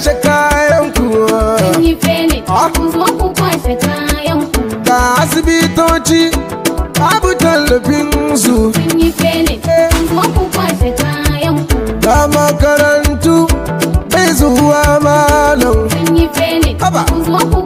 kwashe kayan ku kun fene ku ga asibitoci babu tallafin su fene eh. ku ga makarantu bai zuwa malam kun fene ku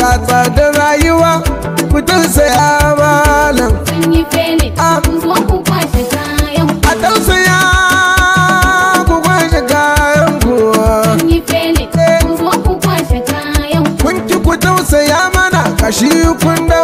ga tsadar rayuwa Now she opened up